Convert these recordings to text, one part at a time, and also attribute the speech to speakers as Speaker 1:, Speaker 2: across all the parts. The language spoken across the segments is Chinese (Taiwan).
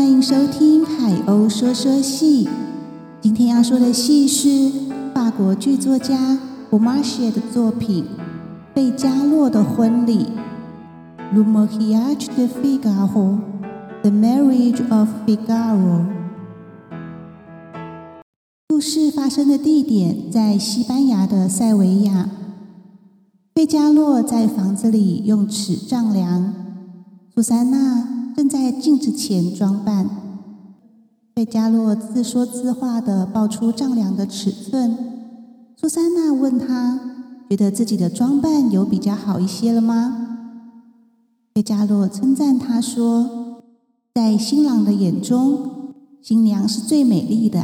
Speaker 1: 歡迎收聽《海鷗說說戲》。今天要說的戲是法國劇作家 b 馬 h 的作品《貝加洛的婚禮 Figaro）。The Marriage of Figaro。故事發生的地點在西班牙的塞維亞。貝加洛在房子裡用尺丈量。蘇珊娜。正在鏡子前裝扮，費加洛自說自話地報出丈量的尺寸。蘇珊娜問他：“覺得自己的裝扮有比較好一些了嗎？”費加洛稱讚他說：“在新郎的眼中，新娘是最美麗的。”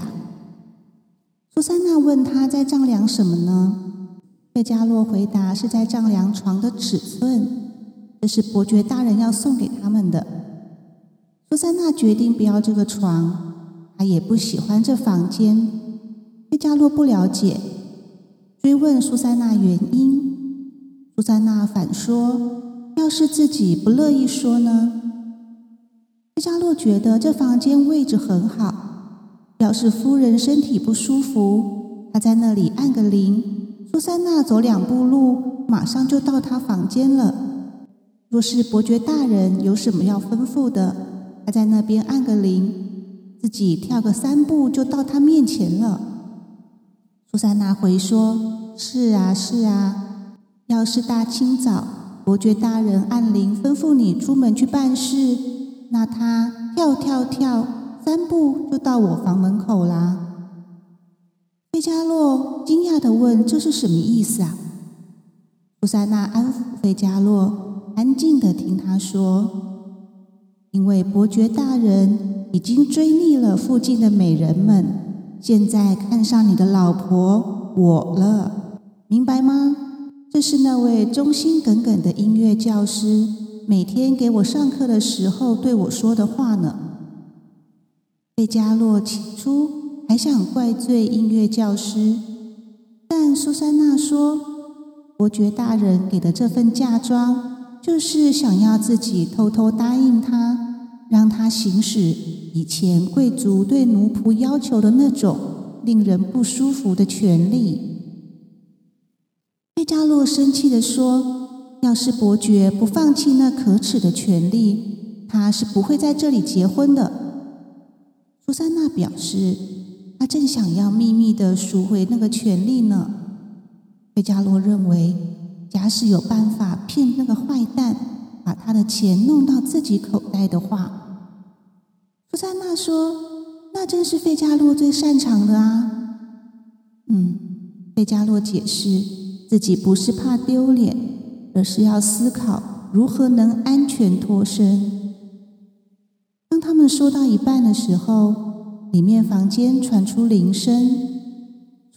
Speaker 1: 蘇珊娜問他在丈量什麼呢？費加洛回答：“是在丈量床的尺寸，這是伯爵大人要送給他們的。”蘇珊娜決定不要這個床，她也不喜歡這房間。費加洛不了解，追問蘇珊娜原因。蘇珊娜反說：“要是自己不樂意說呢？”費加洛覺得這房間位置很好，要是夫人身體不舒服，她在那裡按個鈴。蘇珊娜走兩步路，馬上就到她房間了。若是伯爵大人有什麼要吩咐的，他在那邊按個鈴，自己跳個三步就到他面前了。蘇珊娜回說：“是啊，是啊，要是大清早伯爵大人按鈴吩咐你出門去辦事，那他跳跳跳三步就到我房門口啦。”費加洛驚訝地問：“這是什麼意思啊？”蘇珊娜安撫費加洛，安靜地聽他說。因為伯爵大人已經追膩了附近的美人們，現在看上你的老婆我了，明白嗎？這是那位忠心耿耿的音樂教師每天給我上課的時候對我說的話呢。費加洛起初還想怪罪音樂教師，但蘇珊娜說，伯爵大人給的這份嫁妝。就是想要自己偷偷答應他，讓他行使以前貴族對奴僕要求的那種令人不舒服的權利。貝加洛生氣地說：“要是伯爵不放棄那可恥的權利，他是不會在這裡結婚的。”蘇珊娜表示，她正想要秘密地贖回那個權利呢。貝加洛認為。假使有辦法騙那個壞蛋把他的錢弄到自己口袋的話，蘇珊娜說：“那真是費加洛最擅長的啊。”嗯，費加洛解釋自己不是怕丟臉，而是要思考如何能安全脫身。當他們說到一半的時候，裡面房間傳出鈴聲。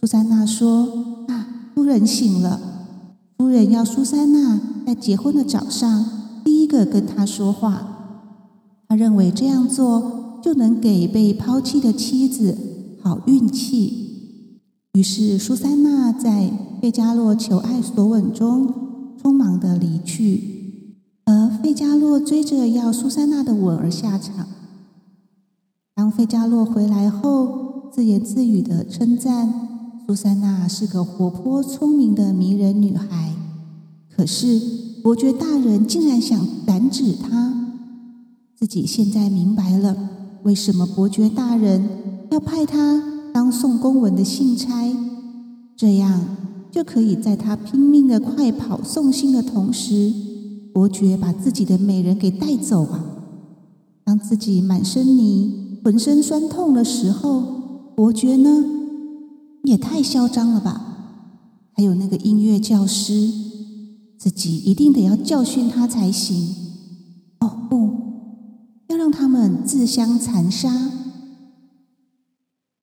Speaker 1: 蘇珊娜說：“啊，夫人醒了。”夫人要蘇珊娜在結婚的早上第一個跟他說話，他認為這樣做就能給被拋棄的妻子好運氣。於是蘇珊娜在費加洛求愛索吻中匆忙地離去，而費加洛追着要蘇珊娜的吻而下場。當費加洛回來後，自言自語地稱讚。蘇珊娜是個活潑、聰明的迷人女孩。可是，伯爵大人竟然想染指她。自己現在明白了，為什麼伯爵大人要派他當送公文的信差？這樣就可以在他拼命的快跑送信的同時，伯爵把自己的美人給帶走啊！當自己滿身泥、渾身痠痛的時候，伯爵呢？你也太囂張了吧！還有那個音樂教師，自己一定得要教訓他才行。哦，不要讓他們自相殘殺。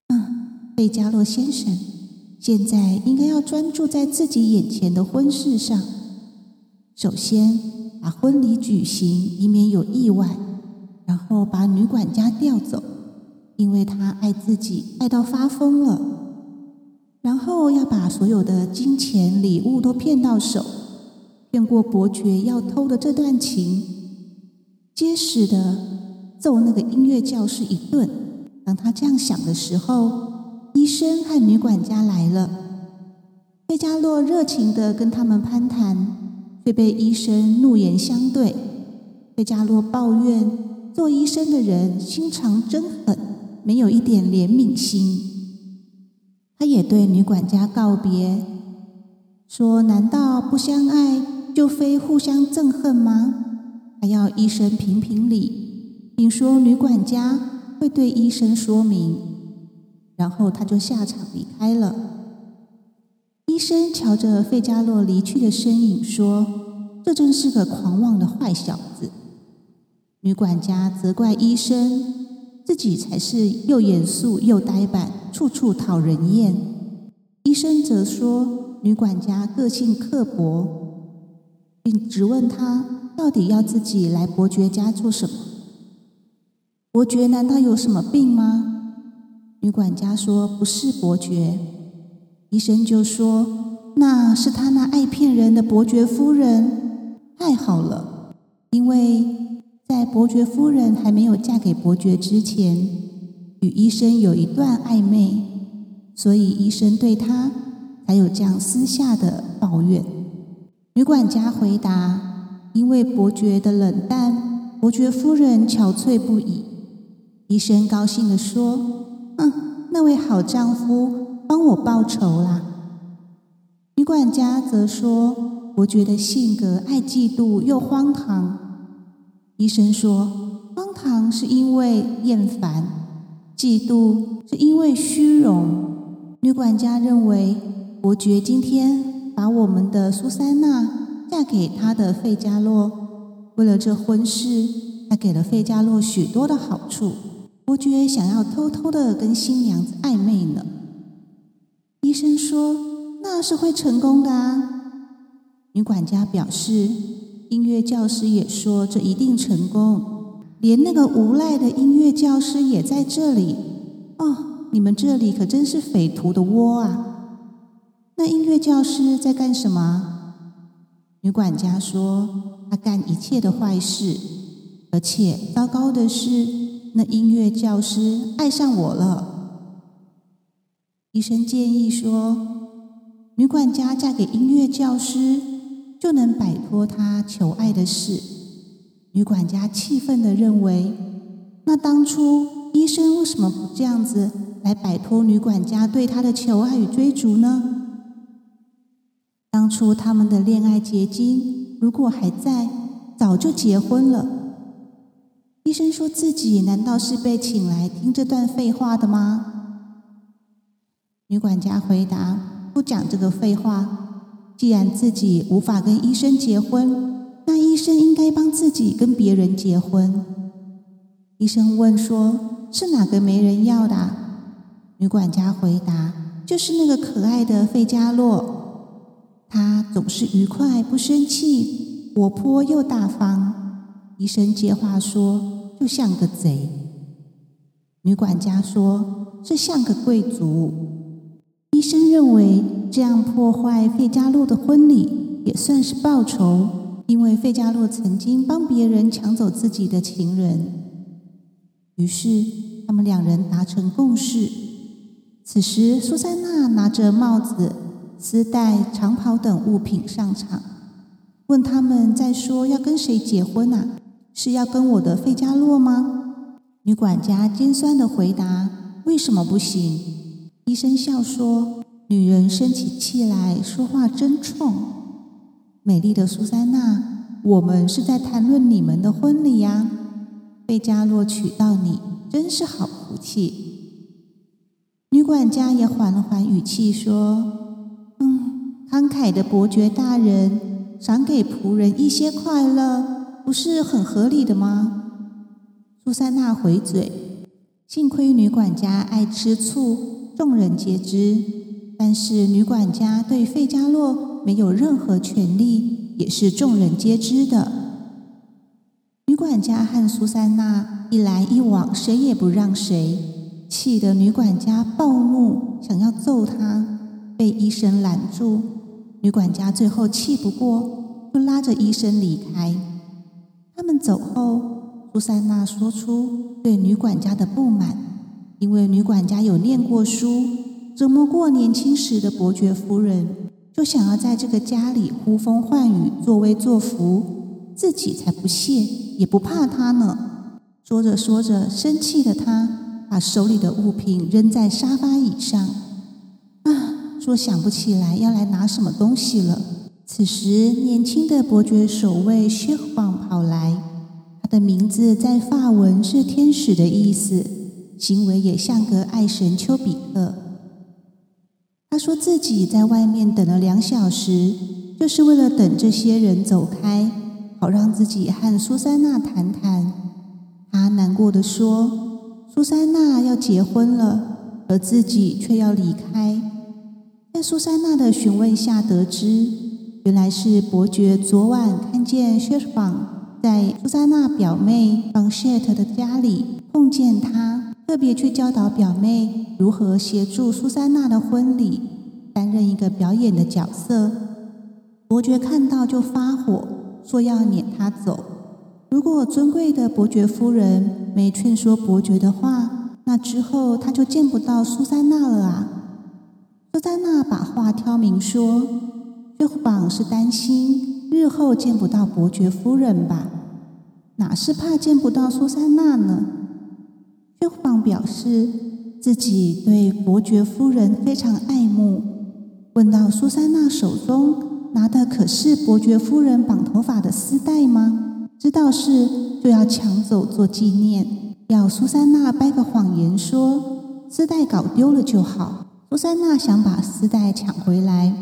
Speaker 1: 嗯、啊，費加洛先生，現在應該要專注在自己眼前的婚事上。首先把婚禮舉行，以免有意外；然後把女管家調走，因為她愛自己愛到發瘋了。然後要把所有的金錢禮物都騙到手，騙過伯爵要偷的這段情，結實的揍那個音樂教師一頓。當他這樣想的時候，醫生和女管家來了。費加洛熱情的跟他們攀談，卻被醫生怒言相對。費加洛抱怨做醫生的人心腸真狠，沒有一點憐憫心。他也對女管家告別，說：“難道不相愛就非互相憎恨嗎？”還要醫生評評理，並說女管家會對醫生說明。然後他就下場離開了。醫生瞧着費加洛離去的身影，說：“這真是個狂妄的壞小子。”女管家責怪醫生。自己才是又嚴肅又呆板，處處討人厭。醫生則說女管家個性刻薄，並質問她到底要自己來伯爵家做什麼。伯爵難道有什麼病嗎？女管家說不是伯爵。醫生就說那是他那愛騙人的伯爵夫人，太好了，因為。在伯爵夫人還沒有嫁給伯爵之前，與醫生有一段曖昧，所以醫生對她才有這樣私下的抱怨。女管家回答：“因為伯爵的冷淡，伯爵夫人憔悴不已。”醫生高興地說：“嗯，那位好丈夫幫我報仇啦。”女管家則說：“伯爵的性格愛嫉妒又荒唐。”醫生說：“荒唐是因為厭煩，嫉妒是因為虛榮。”女管家認為，伯爵今天把我們的蘇珊娜嫁給他的費加洛，為了這婚事，他給了費加洛許多的好處。伯爵想要偷偷的跟新娘子曖昧呢。醫生說：“那是會成功的啊。”女管家表示。音樂教師也說，這一定成功，連那個無賴的音樂教師也在這裡。哦，你們這裡可真是匪徒的窩啊！那音樂教師在幹什麼？女管家說：“他幹一切的壞事，而且糟糕的是，那音樂教師愛上我了。”醫生建議說：“女管家嫁給音樂教師。”就能擺脫他求愛的事。女管家氣憤地認為，那當初醫生為什麼不這樣子來擺脫女管家對他的求愛與追逐呢？當初他們的戀愛結晶如果還在，早就結婚了。醫生說自己難道是被請來聽這段廢話的嗎？女管家回答：“不講這個廢話。”既然自己無法跟醫生結婚，那醫生應該幫自己跟別人結婚。醫生問說：“是哪個沒人要的？”女管家回答：“就是那個可愛的費加洛，他總是愉快不生氣，活潑又大方。”醫生接話說：“就像個賊。”女管家說：“是像個貴族。”醫生認為。這樣破壞費加洛的婚禮也算是報仇，因為費加洛曾經幫別人搶走自己的情人。於是他們兩人達成共識。此時，蘇珊娜拿着帽子、絲帶、長袍等物品上場，問他們在說要跟誰結婚啊？是要跟我的費加洛嗎？女管家尖酸的回答：“為什麼不行？”醫生笑說。女人生起氣來說話真沖。美麗的蘇珊娜，我們是在談論你們的婚禮呀。費加洛娶到你真是好福氣。女管家也緩了緩語氣說：“嗯，慷慨的伯爵大人賞給僕人一些快樂，不是很合理的嗎？”蘇珊娜回嘴：“幸虧女管家愛吃醋，眾人皆知。”但是女管家對費加洛沒有任何權利，也是眾人皆知的。女管家和蘇珊娜一來一往，誰也不讓誰，氣得女管家暴怒，想要揍她，被醫生攔住。女管家最後氣不過，就拉着醫生離開。他們走後，蘇珊娜說出對女管家的不滿，因為女管家有念過書，折磨過年輕時的伯爵夫人，就想要在這個家裡呼風喚雨、作威作福，自己才不屑也不怕他呢。說着說着，生氣的他把手裡的物品扔在沙發椅上，啊，說想不起來要來拿什麼東西了。此時，年輕的伯爵守衛薛旺跑來，他的名字在法文是天使的意思，行為也像個愛神丘比特。他說自己在外面等了兩小時，就是為了等這些人走開，好讓自己和蘇珊娜談談。他難過地說：“蘇珊娜要結婚了，而自己卻要離開。”在蘇珊娜的詢問下，得知原來是伯爵昨晚看見薛芳在蘇珊娜表妹方舍特的家裡碰見他。特別去教導表妹如何協助蘇珊娜的婚禮，擔任一個表演的角色。伯爵看到就發火，說要攆她走。如果尊貴的伯爵夫人沒勸說伯爵的話，那之後他就見不到蘇珊娜了啊！蘇珊娜把話挑明說：“這榜是擔心日後見不到伯爵夫人吧？哪是怕見不到蘇珊娜呢？”薛虎榜表示自己對伯爵夫人非常愛慕，問到蘇珊娜手中拿的可是伯爵夫人綁頭髮的絲帶嗎？知道是就要搶走做紀念，要蘇珊娜掰個謊言說絲帶搞丟了就好。蘇珊娜想把絲帶搶回來，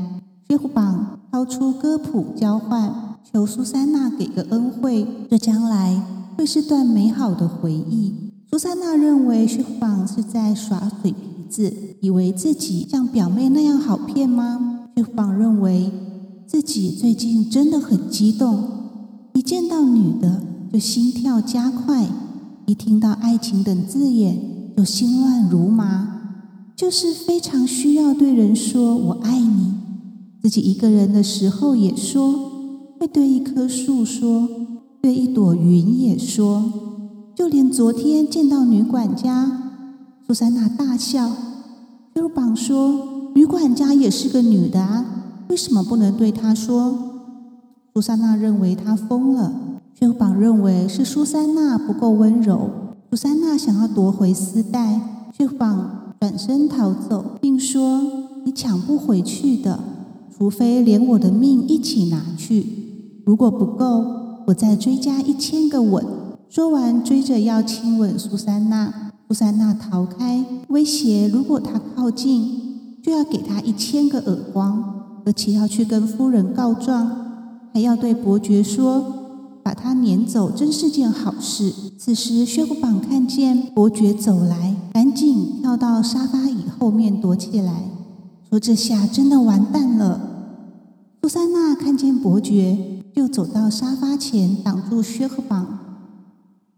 Speaker 1: 薛虎榜掏出歌譜交換，求蘇珊娜給個恩惠，這將來會是段美好的回憶。蘇珊娜認為薛紡是在耍嘴皮子，以為自己像表妹那樣好騙嗎？薛紡認為自己最近真的很激動，一見到女的就心跳加快，一聽到愛情等字眼就心亂如麻，就是非常需要對人說“我愛你”，自己一個人的時候也說，會對一棵樹說，對一朵雲也說。就連昨天見到女管家，蘇珊娜大笑。薛呂班說：“女管家也是個女的啊，為什麼不能對她說？”蘇珊娜認為她瘋了，薛呂班認為是蘇珊娜不夠溫柔。蘇珊娜想要奪回絲帶，薛呂班轉身逃走，並說：“你搶不回去的，除非連我的命一起拿去。如果不夠，我再追加一千個吻。”說完，追着要親吻蘇珊娜，蘇珊娜逃開，威脅如果他靠近，就要給他一千個耳光，而且要去跟夫人告狀，還要對伯爵說把他攆走，真是件好事。此時，薛克榜看見伯爵走來，趕緊跳到沙發椅後面躲起來，說這下真的完蛋了。蘇珊娜看見伯爵，就走到沙發前擋住薛克榜。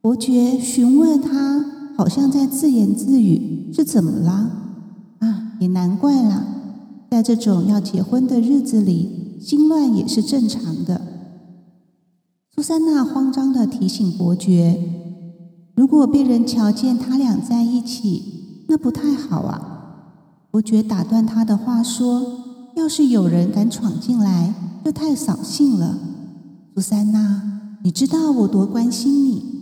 Speaker 1: 伯爵詢問他，好像在自言自語：“是怎麼了？”啊，也難怪了，在這種要結婚的日子裡，心亂也是正常的。蘇珊娜慌張地提醒伯爵：“如果被人瞧見他倆在一起，那不太好啊。”伯爵打斷他的話說：“要是有人敢闖進來，就太掃興了。”蘇珊娜，你知道我多關心你。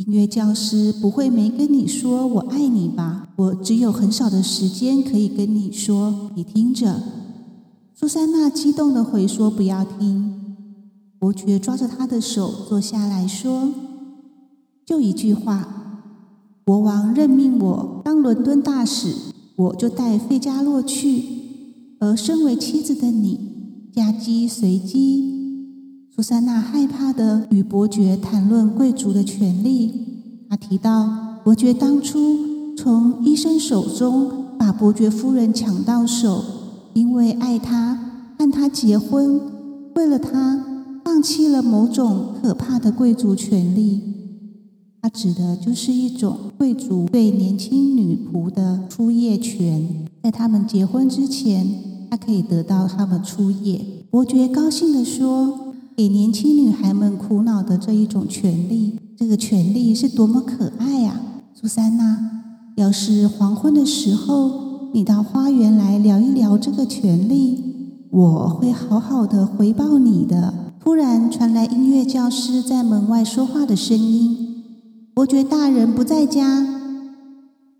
Speaker 1: 音樂教師不會沒跟你說我愛你吧？我只有很少的時間可以跟你說，你聽着。蘇珊娜激動的回說：“不要聽。”伯爵抓着她的手坐下來說：“就一句話。國王任命我當倫敦大使，我就帶費加洛去，而身為妻子的你，嫁雞隨雞。”蘇珊娜害怕地與伯爵談論貴族的權利。她提到，伯爵當初從醫生手中把伯爵夫人搶到手，因為愛她，和她結婚，為了她，放棄了某種可怕的貴族權利。她指的就是一種貴族對年輕女僕的初夜權，在他們結婚之前，他可以得到他們初夜。伯爵高興地說。給年輕女孩們苦惱的這一種權利，這個權利是多麼可愛呀，啊，蘇珊娜！要是黃昏的時候你到花園來聊一聊這個權利，我會好好的回報你的。突然傳來音樂教師在門外說話的聲音：“伯爵大人不在家。”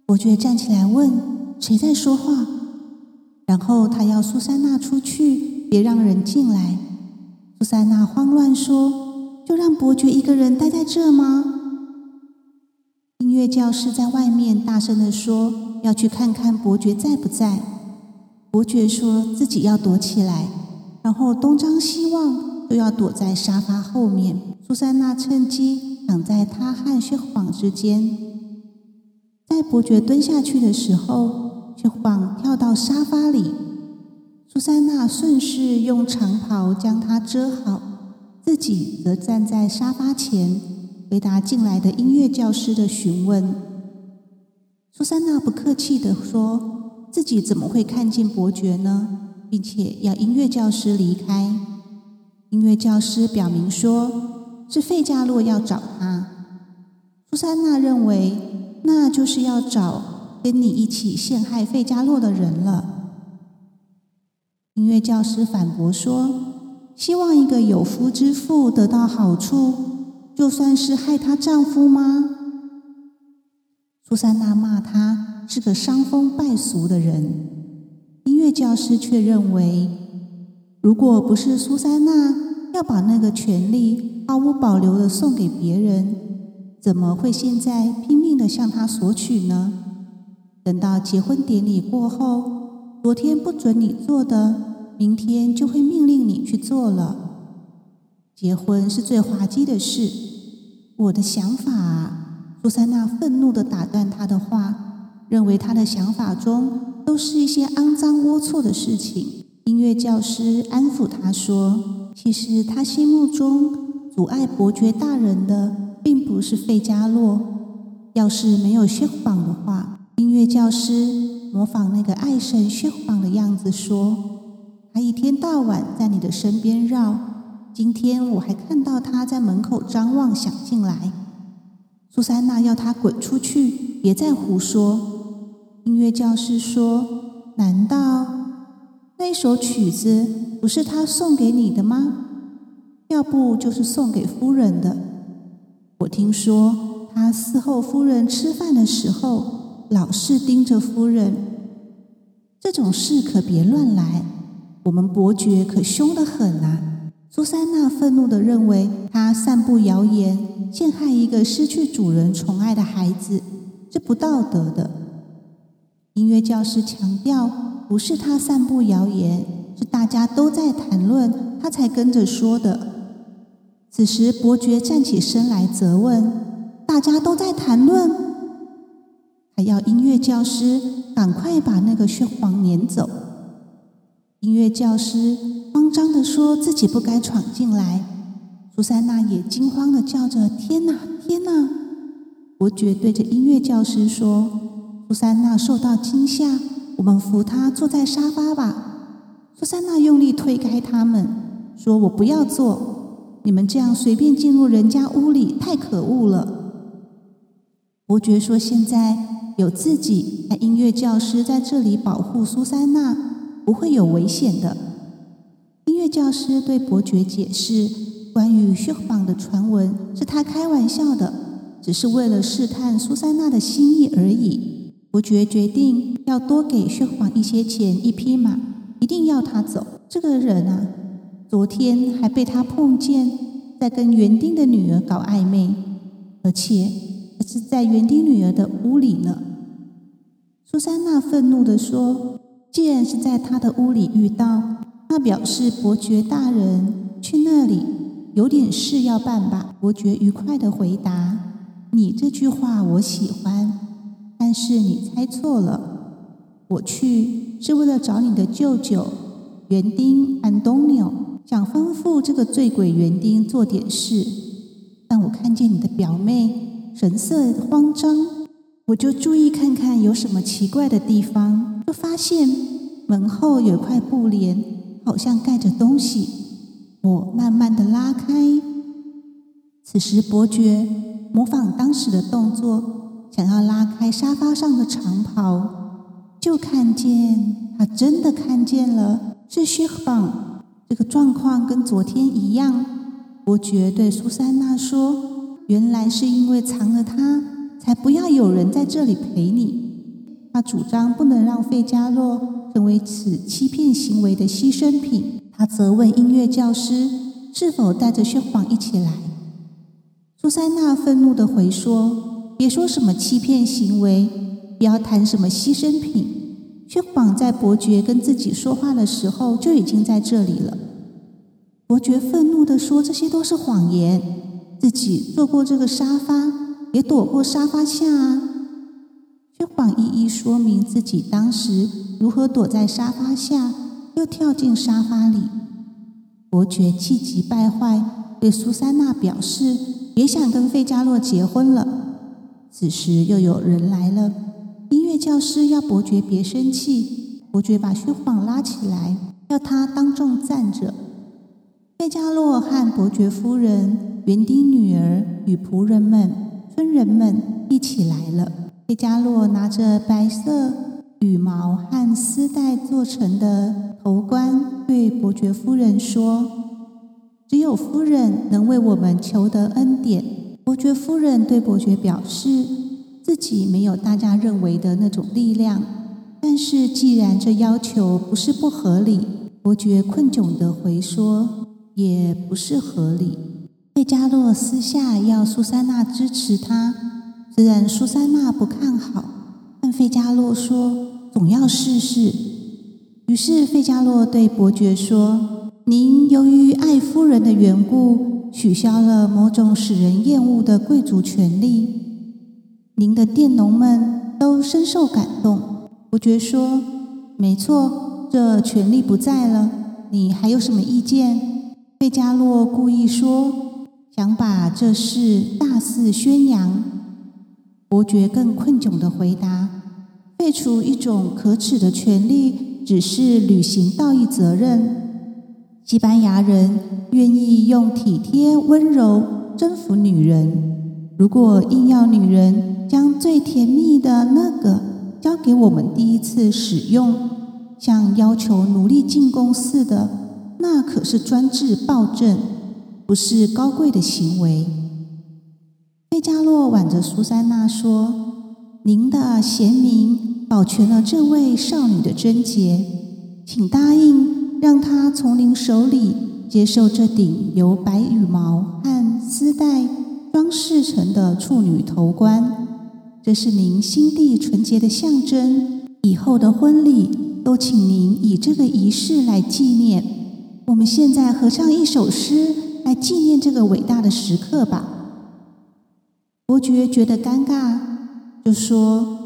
Speaker 1: 伯爵站起來問：“誰在說話？”然後他要蘇珊娜出去，別讓人進來。蘇珊娜慌亂說：“就讓伯爵一個人待在這嗎？”音樂教師在外面大聲地說：“要去看看伯爵在不在。”伯爵說自己要躲起來，然後東張西望，都要躲在沙發後面。蘇珊娜趁機擋在他和薛晃之間。在伯爵蹲下去的時候，薛晃跳到沙發裡。蘇珊娜順勢用長袍將他遮好，自己則站在沙發前，回答進來的音樂教師的詢問。蘇珊娜不客氣地說：“自己怎麼會看見伯爵呢？”並且要音樂教師離開。音樂教師表明說：“是費加洛要找他。”蘇珊娜認為，那就是要找跟你一起陷害費加洛的人了。音樂教師反駁說：“希望一個有夫之婦得到好處，就算是害她丈夫嗎？”蘇珊娜罵他是個傷風敗俗的人。音樂教師卻認為，如果不是蘇珊娜要把那個權利毫無保留地送給別人，怎麼會現在拼命地向他索取呢？等到結婚典禮過後，昨天不准你做的，明天就會命令你去做了。結婚是最滑稽的事。我的想法啊，蘇珊娜憤怒的打斷他的話，認為他的想法中都是一些骯髒齷齪的事情。音樂教師安撫他說：“其實他心目中阻礙伯爵大人的，並不是費加洛。要是沒有薛胡榜的話。”音樂教師模仿那個愛神薛胡榜的樣子說。他一天到晚在你的身邊繞。今天我還看到他在門口張望，想進來。蘇珊娜要他滾出去，別再胡說。音樂教師說：“難道那首曲子不是他送給你的嗎？要不就是送給夫人的。我聽說他伺候夫人吃飯的時候，老是盯着夫人。這種事可別亂來。”我們伯爵可凶得很吶、啊！蘇珊娜憤怒地認為，他散布謠言陷害一個失去主人寵愛的孩子是不道德的。音樂教師強調，不是他散布謠言，是大家都在談論，他才跟着說的。此時，伯爵站起身來責問：“大家都在談論，還要音樂教師趕快把那個喧嘩攆走。”音樂教師慌張地說：“自己不該闖進來。”蘇珊娜也驚慌地叫着：“天哪！天哪！”伯爵對着音樂教師說：“蘇珊娜受到驚嚇，我們扶她坐在沙發吧。”蘇珊娜用力推開他們，說：“我不要坐，你們這樣隨便進入人家屋裡太可惡了。”伯爵說：“現在有自己和音樂教師在這裡保護蘇珊娜。”不會有危險的。音樂教師對伯爵解釋，關於薛晃的傳聞是他開玩笑的，只是為了試探蘇珊娜的心意而已。伯爵決，決定要多給薛晃一些錢，一匹馬，一定要他走。這個人啊，昨天還被他碰見在跟園丁的女兒搞曖昧，而且還是在園丁女兒的屋裡呢。蘇珊娜憤怒地說。既然是在他的屋裡遇到，那表示伯爵大人去那裡有點事要辦吧？伯爵愉快的回答：“你這句話我喜歡，但是你猜錯了。我去是為了找你的舅舅園丁安東尼奧，想吩咐這個醉鬼園丁做點事。但我看見你的表妹神色慌張，我就注意看看有什麼奇怪的地方。”發現門後有一塊布簾，好像蓋着東西。我慢慢的拉開。此時，伯爵模仿當時的動作，想要拉開沙發上的長袍，就看見他真的看見了，這些克這個狀況跟昨天一樣。伯爵對蘇珊娜說：“原來是因為藏了他，才不要有人在這裡陪你。”他主張不能讓費加洛成為此欺騙行為的犧牲品。他責問音樂教師是否帶着薛謊一起來。蘇珊娜憤怒地回說：“別說什麼欺騙行為，不要談什麼犧牲品。薛謊在伯爵跟自己說話的時候就已經在這裡了。”伯爵憤怒地說：“這些都是謊言，自己坐過這個沙發，也躲過沙發下啊。”虛晃一一說明自己當時如何躲在沙發下，又跳進沙發裡。伯爵氣急敗壞，對蘇珊娜表示別想跟費加洛結婚了。此時又有人來了，音樂教師要伯爵別生氣。伯爵把虛晃拉起來，要他當眾站着。費加洛和伯爵夫人、園丁女兒與僕人們、村人們一起來了。費加洛拿着白色羽毛和絲帶做成的頭冠，對伯爵夫人說：“只有夫人能為我們求得恩典。”伯爵夫人對伯爵表示自己沒有大家認為的那種力量，但是既然這要求不是不合理，伯爵困窘地回說：“也不是合理。”費加洛私下要蘇珊娜支持他。雖然蘇珊娜不看好，但費加洛說總要試試。於是費加洛對伯爵說：“您由於愛夫人的緣故，取消了某種使人厭惡的貴族權利，您的佃農們都深受感動。”伯爵說：“沒錯，這權利不在了。你還有什麼意見？”費加洛故意說：“想把這事大肆宣揚。”伯爵更困窘的回答：“廢除一種可恥的權利，只是履行道義責任。西班牙人願意用體貼溫柔征服女人，如果硬要女人將最甜蜜的那個交給我們第一次使用，像要求奴隸進宮似的，那可是專制暴政，不是高貴的行為。”費加洛挽着蘇珊娜說：“您的賢明保全了這位少女的貞潔，請答應讓她從您手裡接受這頂由白羽毛和絲帶裝飾成的處女頭冠，這是您心地純潔的象徵。以後的婚禮都請您以這個儀式來紀念。我們現在合唱一首詩來紀念這個偉大的時刻吧。”伯爵覺得尷尬，就說：“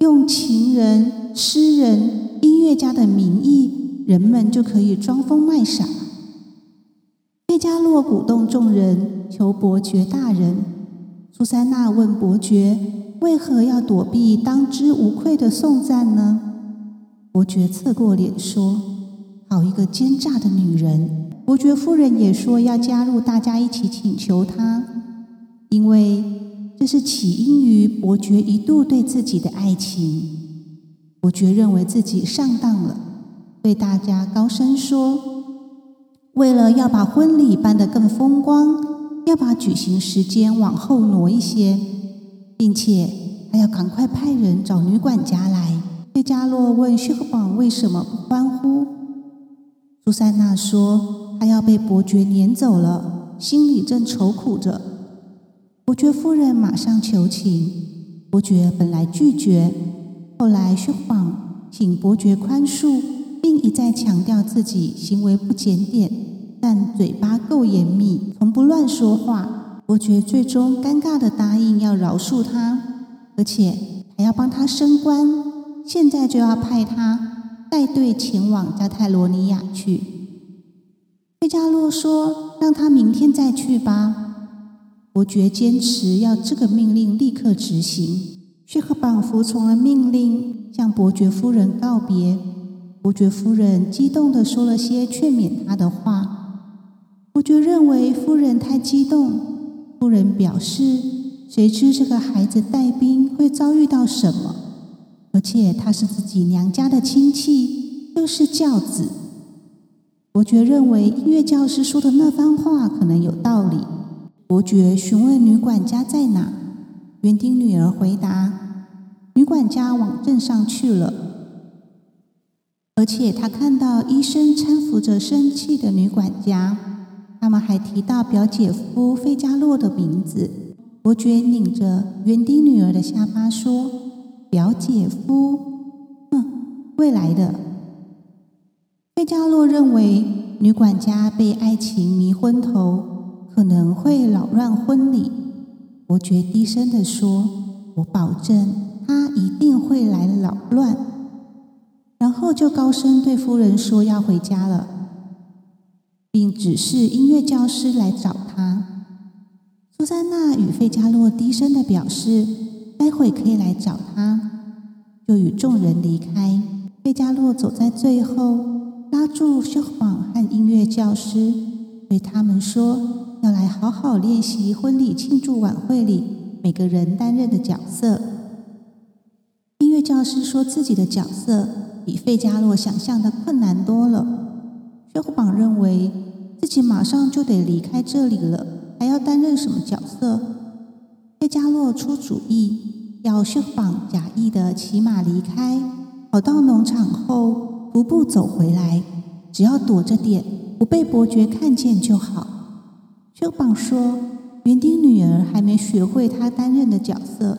Speaker 1: 用情人、詩人、音樂家的名義，人們就可以裝瘋賣傻。”費加洛鼓動眾人，求伯爵大人。蘇珊娜問伯爵：“為何要躲避當之無愧的頌贊呢？”伯爵側過臉說：“好一個奸詐的女人！”伯爵夫人也說要加入，大家一起請求他，因為。這是起因於伯爵一度對自己的愛情。伯爵認為自己上當了，對大家高聲說：“為了要把婚禮辦得更風光，要把舉行時間往後挪一些，並且還要趕快派人找女管家來。”費加洛問薛克廣為什麼不歡呼？蘇珊娜說：“她要被伯爵攆走了，心裡正愁苦着。”伯爵夫人馬上求情，伯爵本來拒絕，後來說謊，請伯爵寬恕，並一再強調自己行為不檢點，但嘴巴夠嚴密，從不亂說話。伯爵最終尷尬地答應要饒恕他，而且還要幫他升官，現在就要派他帶隊前往加泰羅尼亞去。費加洛說：“讓他明天再去吧。”伯爵堅持要這個命令立刻執行，卻和仿服從了命令，向伯爵夫人告別。伯爵夫人激動地說了些勸勉他的話。伯爵認為夫人太激動。夫人表示，誰知這個孩子帶兵會遭遇到什麼？而且他是自己娘家的親戚，又是教子。伯爵認為音樂教師說的那番話可能有道理。伯爵詢問女管家在哪，園丁女兒回答：“女管家往鎮上去了，而且她看到醫生攙扶着生氣的女管家。他們還提到表姐夫費加洛的名字。”伯爵擰着園丁女兒的下巴說：“表姐夫，哼、嗯，未來的費加洛認為女管家被愛情迷昏頭。”可能會擾亂婚禮，伯爵低聲地說：“我保證，他一定會來擾亂。”然後就高聲對夫人說：“要回家了。”並指示音樂教師來找他。蘇珊娜與費加洛低聲地表示：“待會可以來找他。”就與眾人離開。費加洛走在最後，拉住虛謊和音樂教師，對他們說。要來好好練習婚禮慶祝晚會裡每個人擔任的角色。音樂教師說自己的角色比費加洛想象的困難多了。薛虎榜認為自己馬上就得離開這裡了，還要擔任什麼角色？費加洛出主意，要薛虎榜假意的騎馬離開，跑到農場後徒步走回來，只要躲着點，不被伯爵看見就好。丘膀說：“園丁女兒還沒學會她擔任的角色。”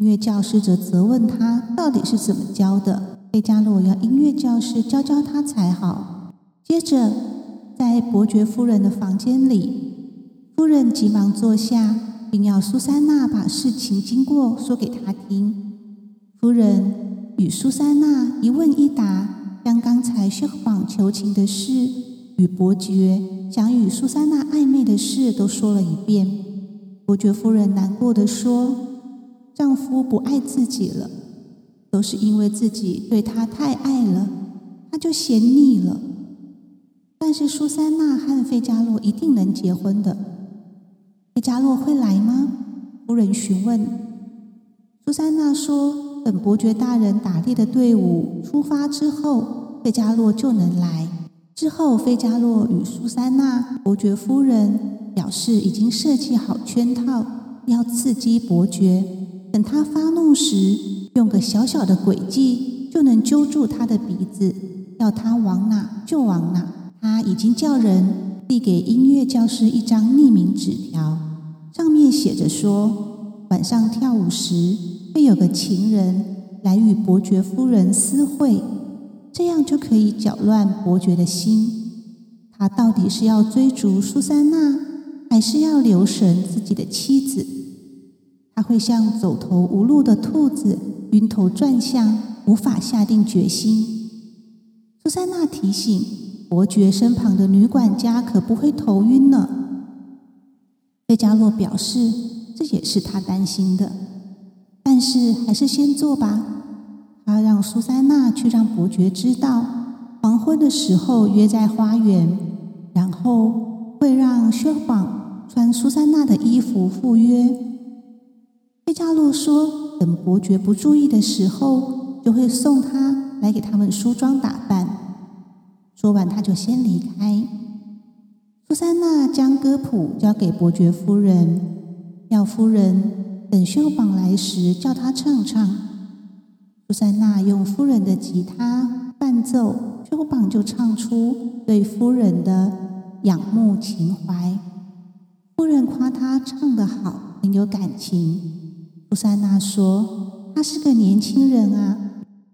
Speaker 1: 音樂教師則責問她：“到底是怎麼教的？”費加洛要音樂教師教教她才好。接着，在伯爵夫人的房間裡，夫人急忙坐下，並要蘇珊娜把事情經過說給她聽。夫人與蘇珊娜一問一答，將剛才丘膀求情的事。與伯爵想與蘇珊娜曖昧的事都說了一遍，伯爵夫人難過地說：“丈夫不愛自己了，都是因為自己對他太愛了，他就嫌膩了。”但是蘇珊娜和費加洛一定能結婚的。費加洛會來嗎？夫人詢問。蘇珊娜說：“等伯爵大人打獵的隊伍出發之後，費加洛就能來。”之後，費加洛與蘇珊娜伯爵夫人表示已經設計好圈套，要刺激伯爵。等他發怒時，用個小小的詭計就能揪住他的鼻子，要他往哪，就往哪。他已經叫人遞給音樂教師一張匿名紙條，上面寫着說：晚上跳舞時會有個情人來與伯爵夫人私會。這樣就可以攪亂伯爵的心。他到底是要追逐蘇珊娜，還是要留神自己的妻子？他會像走投無路的兔子，暈頭轉向，無法下定決心。蘇珊娜提醒伯爵身旁的女管家可不會頭暈呢。費加洛表示，這也是他擔心的。但是還是先做吧。他讓蘇珊娜去讓伯爵知道，黃昏的時候約在花園，然後會讓薛謊穿蘇珊娜的衣服赴約。費加洛說：“等伯爵不注意的時候，就會送他來給他們梳妝打扮。”說完，他就先離開。蘇珊娜將歌譜交給伯爵夫人，要夫人等薛謊來時叫他唱唱。蘇珊娜用夫人的吉他伴奏，修榜就唱出對夫人的仰慕情懷。夫人誇他唱得好，很有感情。蘇珊娜說：“他是個年輕人啊。”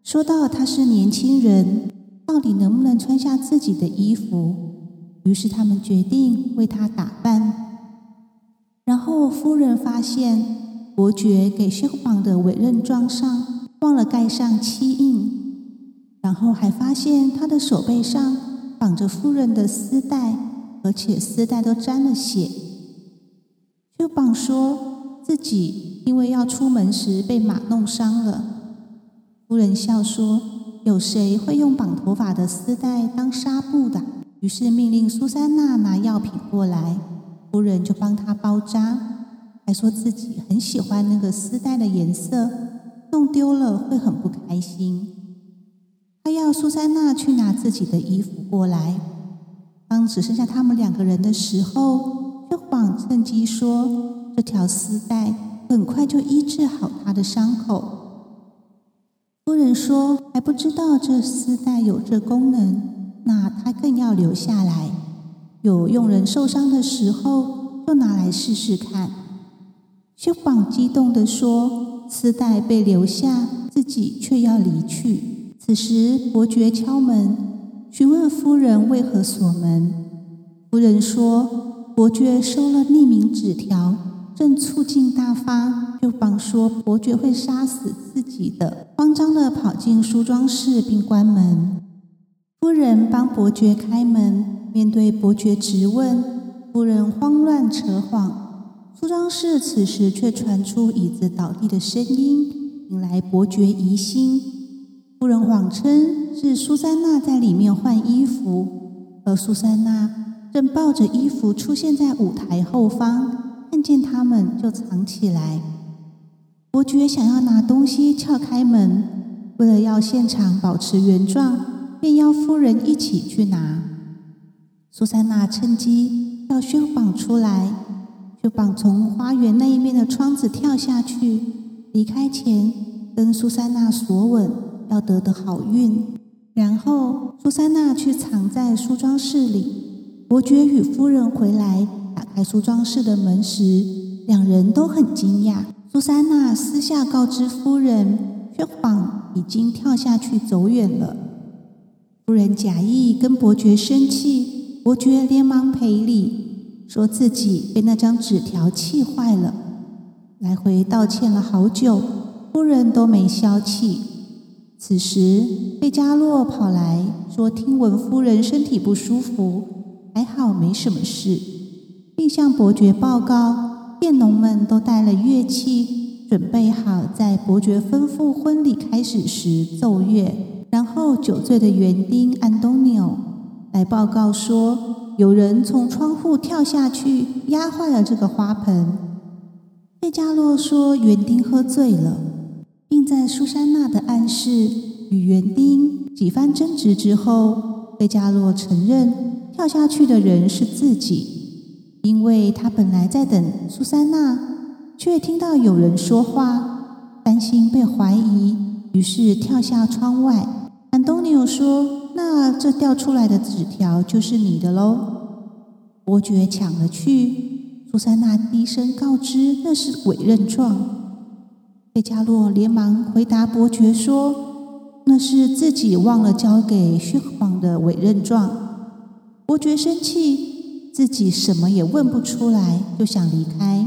Speaker 1: 說到他是年輕人，到底能不能穿下自己的衣服？於是他們決定為他打扮。然後夫人發現，伯爵給修榜的委任狀上，忘了蓋上漆印，然後還發現他的手背上綁着夫人的絲帶，而且絲帶都沾了血。就綁說自己因為要出門時被馬弄傷了。夫人笑說：“有誰會用綁頭髮的絲帶當紗布的？”於是命令蘇珊娜拿藥品過來，夫人就幫他包紮，還說自己很喜歡那個絲帶的顏色。弄丟了會很不開心。他要蘇珊娜去拿自己的衣服過來。當只剩下他們兩個人的時候，薛晃趁機說：“這條絲帶很快就醫治好他的傷口。”夫人說：“還不知道這絲帶有這功能，那他更要留下來。有傭人受傷的時候，就拿來試試看。”薛晃激動地說。絲帶被留下，自己卻要離去。此時，伯爵敲門，詢問夫人為何鎖門。夫人說：“伯爵收了匿名紙條，正醋勁大發，又謊說伯爵會殺死自己的。”慌張地跑進梳妝室，並關門。夫人幫伯爵開門，面對伯爵質問，夫人慌亂扯謊。服裝室此時卻傳出椅子倒地的聲音，引來伯爵疑心。夫人謊稱是蘇珊娜在裡面換衣服，而蘇珊娜正抱着衣服出現在舞台後方，看見他們就藏起來。伯爵想要拿東西撬開門，為了要現場保持原狀，便邀夫人一起去拿。蘇珊娜趁機要宣謊出來。薛仿從花園那一面的窗子跳下去，離開前跟蘇珊娜索吻，要得的好運。然後蘇珊娜卻藏在梳妝室裡。伯爵與夫人回來打開梳妝室的門時，兩人都很驚訝。蘇珊娜私下告知夫人，薛仿已經跳下去走遠了。夫人假意跟伯爵生氣，伯爵連忙賠禮。說自己被那張紙條氣壞了，來回道歉了好久，夫人都沒消氣。此時，費加洛跑來說，聽聞夫人身體不舒服，還好沒什麼事，並向伯爵報告，佃農們都帶了樂器，準備好在伯爵吩咐婚禮開始時奏樂。然後，酒醉的園丁安東尼奧來報告說。有人從窗戶跳下去，壓壞了這個花盆。費加洛說：“園丁喝醉了。”並在蘇珊娜的暗示與園丁幾番爭執之後，費加洛承認跳下去的人是自己，因為他本來在等蘇珊娜，卻聽到有人說話，擔心被懷疑，於是跳下窗外。安東尼奧說。那這掉出來的紙條就是你的嘍，伯爵搶了去。蘇珊娜低聲告知，那是委任狀。費加洛連忙回答伯爵說，那是自己忘了交給薛晃的委任狀。伯爵生氣，自己什麼也問不出來，就想離開。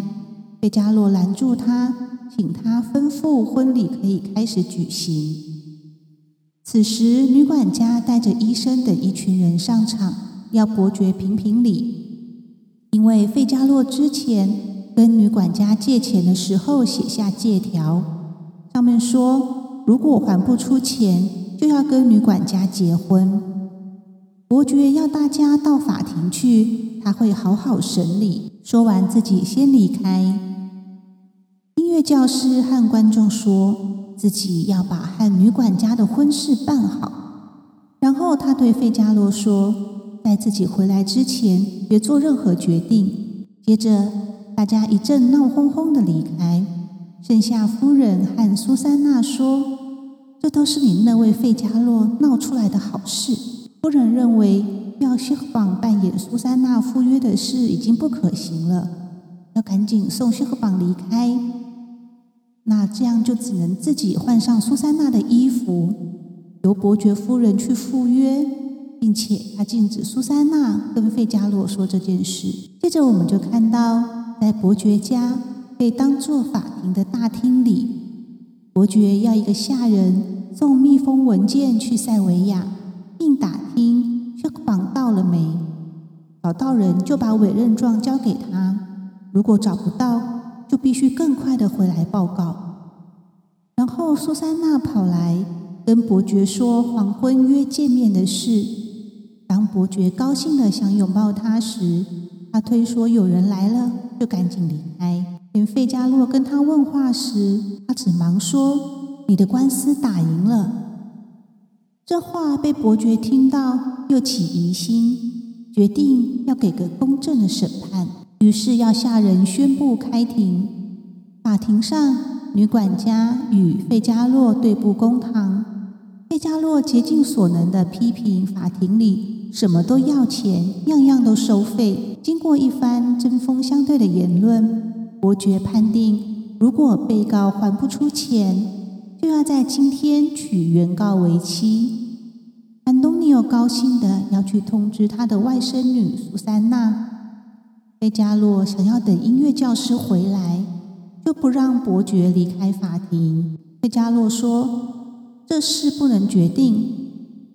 Speaker 1: 費加洛攔住他，請他吩咐婚禮可以開始舉行。此時，女管家帶着醫生等一群人上場，要伯爵評評理。因為費加洛之前跟女管家借錢的時候寫下借條，上面說如果還不出錢，就要跟女管家結婚。伯爵要大家到法庭去，他會好好審理。說完，自己先離開。音樂教師和觀眾說。自己要把和女管家的婚事辦好，然後他對費加洛說：“在自己回來之前，別做任何決定。”接着，大家一陣鬧哄哄的離開。剩下夫人和蘇珊娜說：“這都是你那位費加洛鬧出來的好事。”夫人認為，要薛克榜扮演蘇珊娜赴約的事已經不可行了，要趕緊送薛克榜離開。那這樣就只能自己換上蘇珊娜的衣服，由伯爵夫人去赴約，並且他禁止蘇珊娜跟費加洛說這件事。接着，我們就看到在伯爵家被當作法庭的大廳裡，伯爵要一個下人送密封文件去塞維亞，並打聽雪榜到了沒。找到人就把委任狀交給他，如果找不到。就必須更快地回來報告。然後蘇珊娜跑來跟伯爵說黃昏約見面的事。當伯爵高興地想擁抱他時，他推說有人來了，就趕緊離開。連費加洛跟他問話時，他只忙說：“你的官司打贏了。”這話被伯爵聽到，又起疑心，決定要給個公正的審判。於是要下人宣布開庭。法庭上，女管家與費加洛對簿公堂。費加洛竭盡所能地批評法庭裡什麼都要錢，樣樣都收費。經過一番針鋒相對的言論，伯爵判定，如果被告還不出錢，就要在今天娶原告為妻。安東尼奧高興地要去通知他的外甥女蘇珊娜。費加洛想要等音樂教師回來，就不讓伯爵離開法庭。費加洛說：“這事不能決定，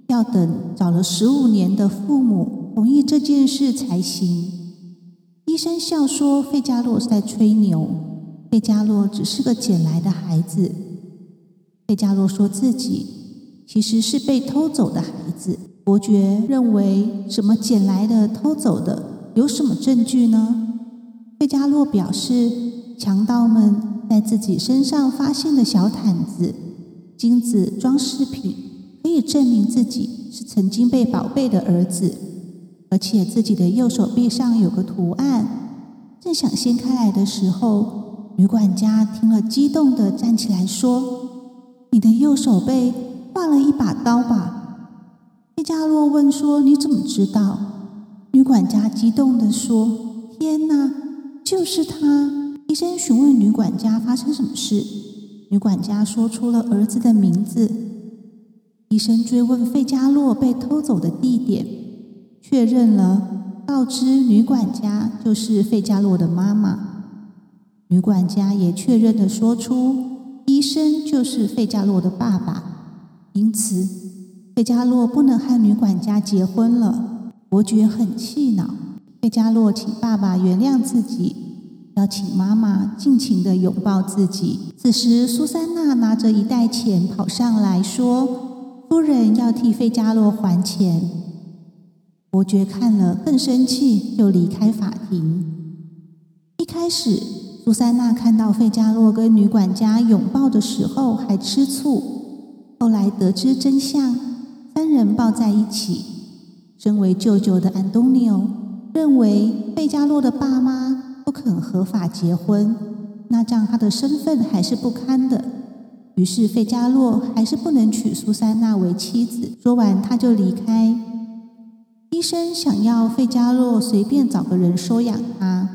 Speaker 1: 要等找了十五年的父母同意這件事才行。”醫生笑說：“費加洛是在吹牛。”費加洛只是個撿來的孩子。費加洛說自己其實是被偷走的孩子。伯爵認為什麼撿來的、偷走的。有什麼證據呢？費加洛表示，強盜們在自己身上發現的小毯子、金子、裝飾品，可以證明自己是曾經被寶貝的兒子，而且自己的右手臂上有個圖案。正想掀開來的時候，女管家聽了，激動地站起來說：“你的右手背畫了一把刀吧？”費加洛問說：“你怎麼知道？”女管家激動的說：“天哪，就是他！”醫生詢問女管家發生什麼事，女管家說出了兒子的名字。醫生追問費加洛被偷走的地點，確認了，告知女管家就是費加洛的媽媽。女管家也確認的說出，醫生就是費加洛的爸爸，因此費加洛不能和女管家結婚了。伯爵很氣惱，費加洛請爸爸原諒自己，要請媽媽盡情的擁抱自己。此時，蘇珊娜拿着一袋錢跑上來說：“夫人要替費加洛還錢。”伯爵看了更生氣，又離開法庭。一開始，蘇珊娜看到費加洛跟女管家擁抱的時候還吃醋，後來得知真相，三人抱在一起。身為舅舅的安東尼奧認為費加洛的爸媽不肯合法結婚，那這樣他的身份還是不堪的。於是費加洛還是不能娶蘇珊娜為妻子。說完他就離開。醫生想要費加洛隨便找個人收養他，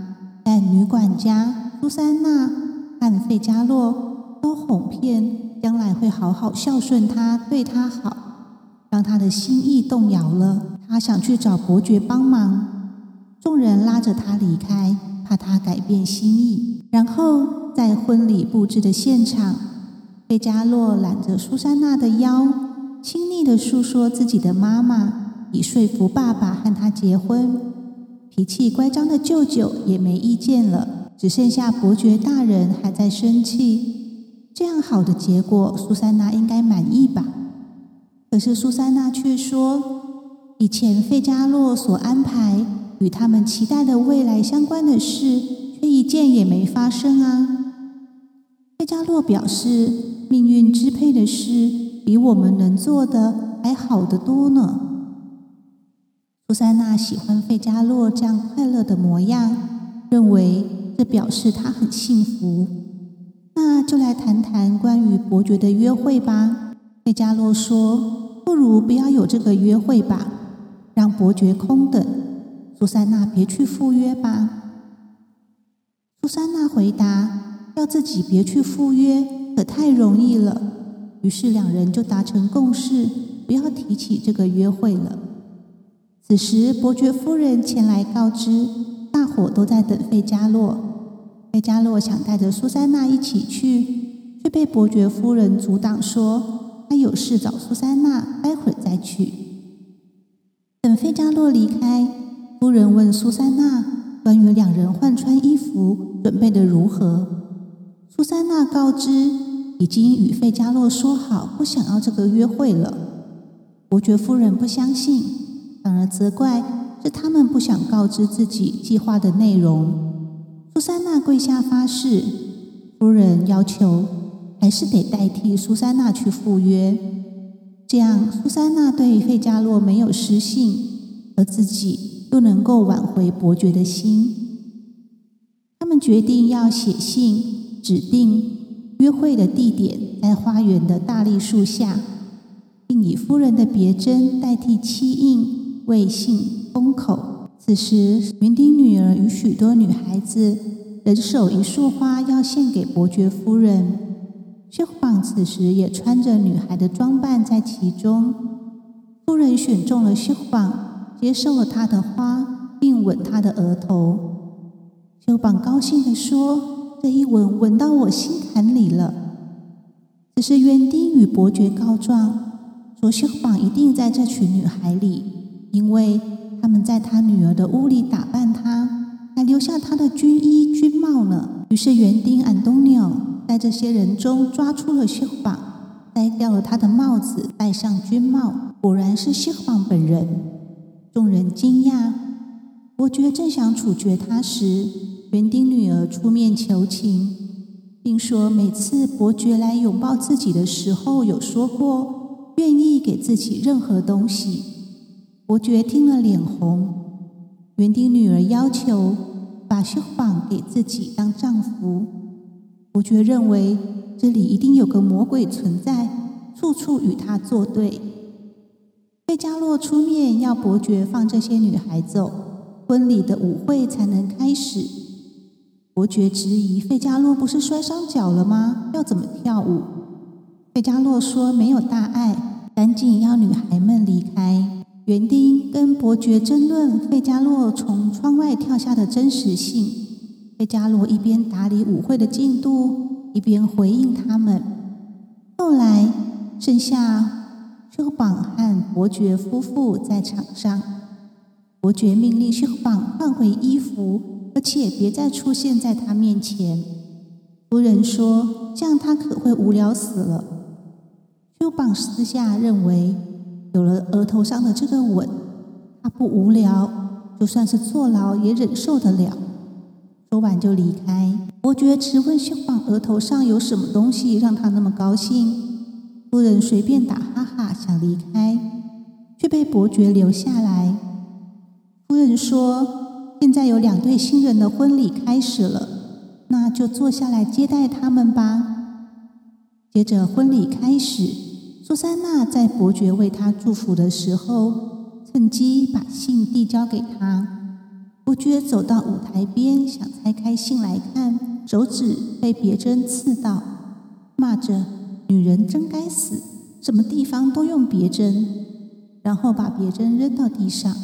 Speaker 1: 但女管家蘇珊娜和費加洛都哄騙，將來會好好孝順他，對他好，讓他的心意動搖了。他想去找伯爵幫忙，眾人拉着他離開，怕他改變心意。然後在婚禮布置的現場，費加洛攬着蘇珊娜的腰，親昵地訴說自己的媽媽，以說服爸爸和他結婚。脾氣乖張的舅舅也沒意見了，只剩下伯爵大人還在生氣。這樣好的結果，蘇珊娜應該滿意吧？可是蘇珊娜卻說。以前費加洛所安排與他們期待的未來相關的事，卻一件也沒發生啊！費加洛表示，命運支配的事比我們能做的還好得多呢。蘇珊娜喜歡費加洛這樣快樂的模樣，認為這表示他很幸福。那就來談談關於伯爵的約會吧。費加洛說：“不如不要有這個約會吧。”讓伯爵空等，蘇珊娜別去赴約吧。蘇珊娜回答：“要自己別去赴約，可太容易了。”於是兩人就達成共識，不要提起這個約會了。此時，伯爵夫人前來告知，大夥都在等費加洛。費加洛想帶着蘇珊娜一起去，卻被伯爵夫人阻擋說，說他有事找蘇珊娜，待會再去。費加洛離開，夫人問蘇珊娜關於兩人換穿衣服準備的如何？蘇珊娜告知已經與費加洛說好不想要這個約會了。伯爵夫人不相信，反而責怪是他們不想告知自己計劃的內容。蘇珊娜跪下發誓，夫人要求還是得代替蘇珊娜去赴約。這樣，蘇珊娜對於費加洛沒有失信，而自己又能夠挽回伯爵的心。他們決定要寫信，指定約會的地點在花園的大栗樹下，並以夫人的別針代替漆印為信封口。此時，園丁女兒與許多女孩子人手一束花，要獻給伯爵夫人。修榜此時也穿着女孩的裝扮在其中。夫人選中了修榜，接受了他的花，並吻他的額頭。修榜高興地說：“這一吻吻到我心坎裡了。”此時，園丁與伯爵告狀，說修榜一定在這群女孩裡，因為他們在他女兒的屋裡打扮他，還留下他的軍衣軍帽呢。於是園丁安東尼奧。在這些人中抓出了繡坊，摘掉了他的帽子，戴上軍帽，果然是繡坊本人。眾人驚訝，伯爵正想處決他時，園丁女兒出面求情，並說每次伯爵來擁抱自己的時候，有說過願意給自己任何東西。伯爵聽了臉紅，園丁女兒要求把繡坊給自己當丈夫。伯爵認為這裡一定有個魔鬼存在，處處與他作對。費加洛出面要伯爵放這些女孩走，婚禮的舞會才能開始。伯爵質疑費加洛不是摔傷腳了嗎？要怎麼跳舞？費加洛說沒有大礙，趕緊要女孩們離開。園丁跟伯爵爭論費加洛從窗外跳下的真實性。費加洛一邊打理舞會的進度，一邊回應他們。後來剩下修榜和伯爵夫婦在場上。伯爵命令修榜換回衣服，而且別再出現在他面前。夫人說：“這樣他可會無聊死了。”修榜私下認為，有了額頭上的這個吻，他不無聊，就算是坐牢也忍受得了。.說完就離開。伯爵質問秀晃額頭上有什麼東西讓他那麼高興。夫人隨便打哈哈想離開，卻被伯爵留下來。夫人說：“現在有兩對新人的婚禮開始了，那就坐下來接待他們吧。”接着婚禮開始，蘇珊娜在伯爵為她祝福的時候，趁機把信遞交給他。不覺走到舞台邊，想拆開信來看，手指被別針刺到，罵着：“女人真該死，什麼地方都用別針。”然後把別針扔到地上。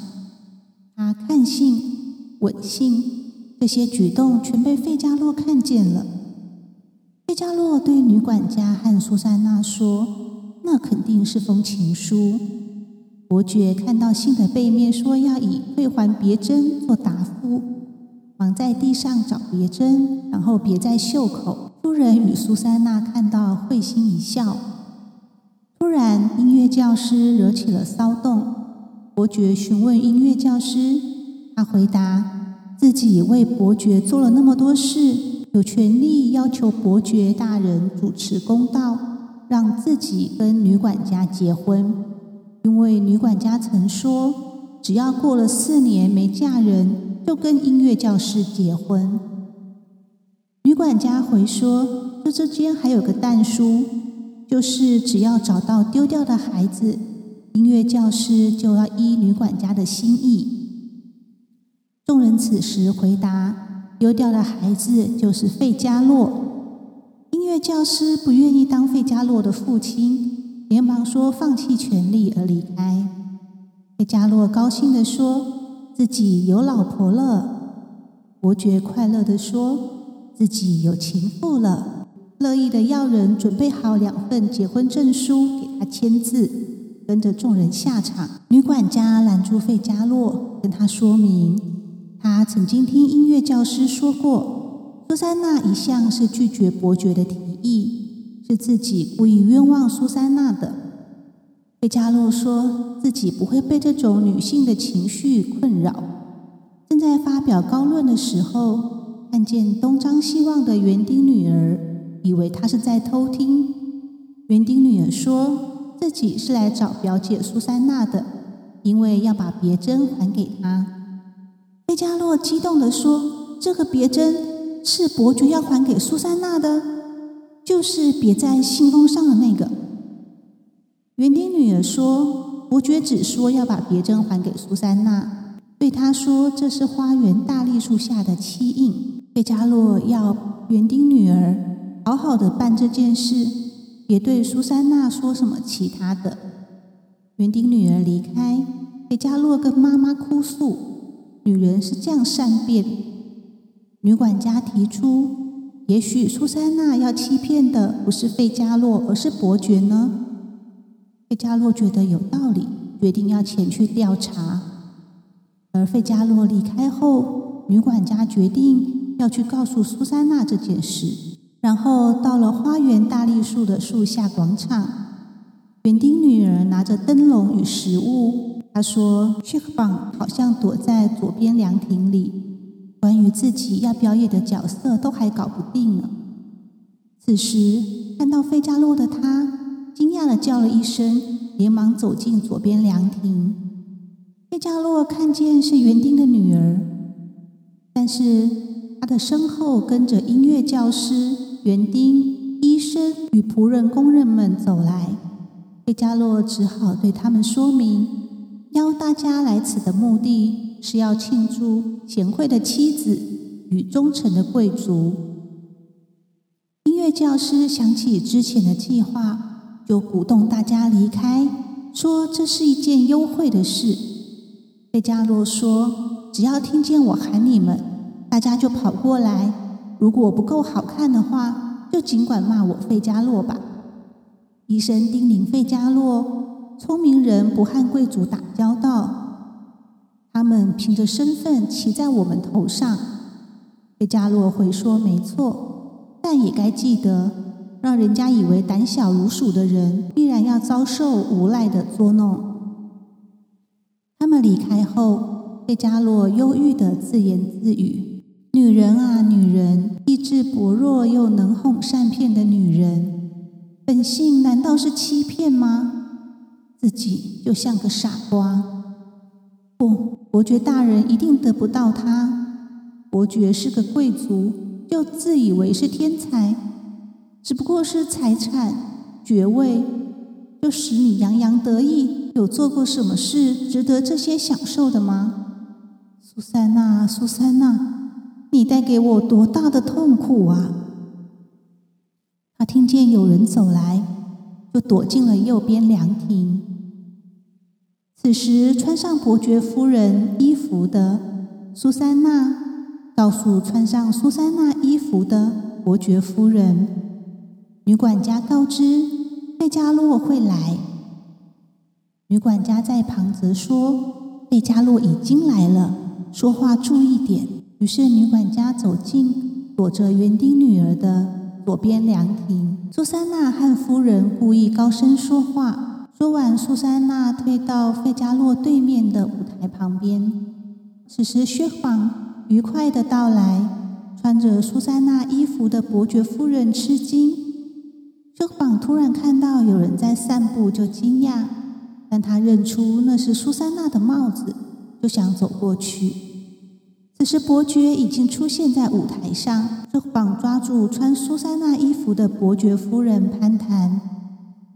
Speaker 1: 他、啊、看信、吻信，這些舉動全被費加洛看見了。費加洛對女管家和蘇珊娜說：“那肯定是封情書。”伯爵看到信的背面，說要以退還別針做答覆，忙在地上找別針，然後別在袖口。夫人與蘇珊娜看到會心一笑。突然，音樂教師惹起了騷動。伯爵詢問音樂教師，他回答自己為伯爵做了那麼多事，有權利要求伯爵大人主持公道，讓自己跟女管家結婚。因為女管家曾說，只要過了四年沒嫁人，就跟音樂教師結婚。女管家回說，這之間還有個但書，就是只要找到丟掉的孩子，音樂教師就要依女管家的心意。眾人此時回答，丟掉的孩子就是費加洛，音樂教師不願意當費加洛的父親。連忙說放棄權利，而離開。費加洛高興地說自己有老婆了，伯爵快樂地說自己有情婦了，樂意地要人準備好兩份結婚證書給他簽字，跟着眾人下場。女管家攔住費加洛，跟他說明，她曾經聽音樂教師說過，蘇珊娜一向是拒絕伯爵的提議。是自己故意冤枉蘇珊娜的。費加洛說自己不會被這種女性的情緒困擾。正在發表高論的時候，看見東張西望的園丁女兒，以為她是在偷聽。園丁女兒說自己是來找表姐蘇珊娜的，因為要把別針還給她。費加洛激動地說：“這個別針是伯爵要還給蘇珊娜的。”就是別在信封上的那個。園丁女兒說，伯爵只說要把別針還給蘇珊娜，對她說這是花園大栗樹下的漆印。費加洛要園丁女兒好好的辦這件事，別對蘇珊娜說什麼其他的。園丁女兒離開，費加洛跟媽媽哭訴，女人是這樣善變。女管家提出。也許蘇珊娜要欺騙的不是費加洛，而是伯爵呢？費加洛覺得有道理，決定要前去調查。而費加洛離開後，女管家決定要去告訴蘇珊娜這件事，然後到了花園大栗樹的樹下廣場。園丁女兒拿着燈籠與食物，她說 c h i c k b o n 好像躲在左邊涼亭裡。”關於自己要表演的角色都還搞不定了。此時看到費加洛的他，驚訝地叫了一聲，連忙走進左邊涼亭。費加洛看見是園丁的女兒，但是她的身後跟着音樂教師、園丁、醫生與僕人工人們走來。費加洛只好對他們說明邀大家來此的目的。是要慶祝賢惠的妻子與忠誠的貴族。音樂教師想起之前的計劃，就鼓動大家離開，說這是一件幽會的事。費加洛說：“只要聽見我喊你們，大家就跑過來。如果不夠好看的話，就儘管罵我費加洛吧。”醫生叮嚀費加洛：“聰明人不和貴族打交道。”他們憑着身份騎在我們頭上，費加洛回說：“沒錯，但也該記得，讓人家以為膽小如鼠的人，必然要遭受無賴的捉弄。”他們離開後，費加洛憂鬱地自言自語：“女人啊，女人，意志薄弱又能哄善騙的女人，本性難道是欺騙嗎？自己就像個傻瓜，不、哦。”伯爵大人一定得不到他。伯爵是個貴族，又自以為是天才，只不過是財產、爵位又使你洋洋得意。有做過什麼事值得這些享受的嗎？蘇珊娜，蘇珊娜，你帶給我多大的痛苦啊！他聽見有人走來，就躲進了右邊涼亭。此時，穿上伯爵夫人衣服的蘇珊娜告訴穿上蘇珊娜衣服的伯爵夫人：“女管家告知費加洛會來。”女管家在旁則說：“費加洛已經來了，說話注意點。”於是女管家走近，躲着園丁女兒的左邊涼亭。蘇珊娜和夫人故意高聲說話。昨晚，蘇珊娜退到費加洛對面的舞台旁邊。此時，薛謊愉快地到來。穿着蘇珊娜衣服的伯爵夫人吃驚。薛謊突然看到有人在散步，就驚訝。但他認出那是蘇珊娜的帽子，就想走過去。此時，伯爵已經出現在舞台上。薛謊抓住穿蘇珊娜衣服的伯爵夫人攀談。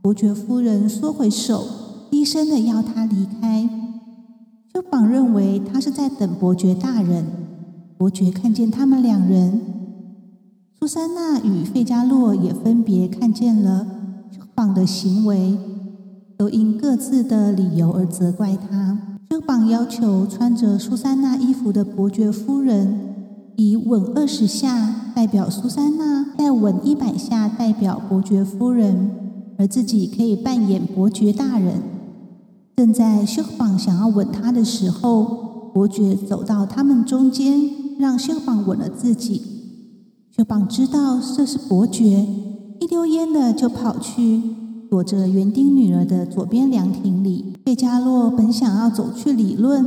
Speaker 1: 伯爵夫人縮回手，低聲的要他離開。丘榜認為他是在等伯爵大人。伯爵看見他們兩人，蘇珊娜與費加洛也分別看見了丘榜的行為，都因各自的理由而責怪他。丘榜要求穿着蘇珊娜衣服的伯爵夫人以吻二十下代表蘇珊娜，再吻一百下代表伯爵夫人。而自己可以扮演伯爵大人，正在修堡想要吻他的時候，伯爵走到他們中間，讓修堡吻了自己。修堡知道這是伯爵，一溜煙的就跑去躲着園丁女兒的左邊涼亭裡。貝加洛本想要走去理論，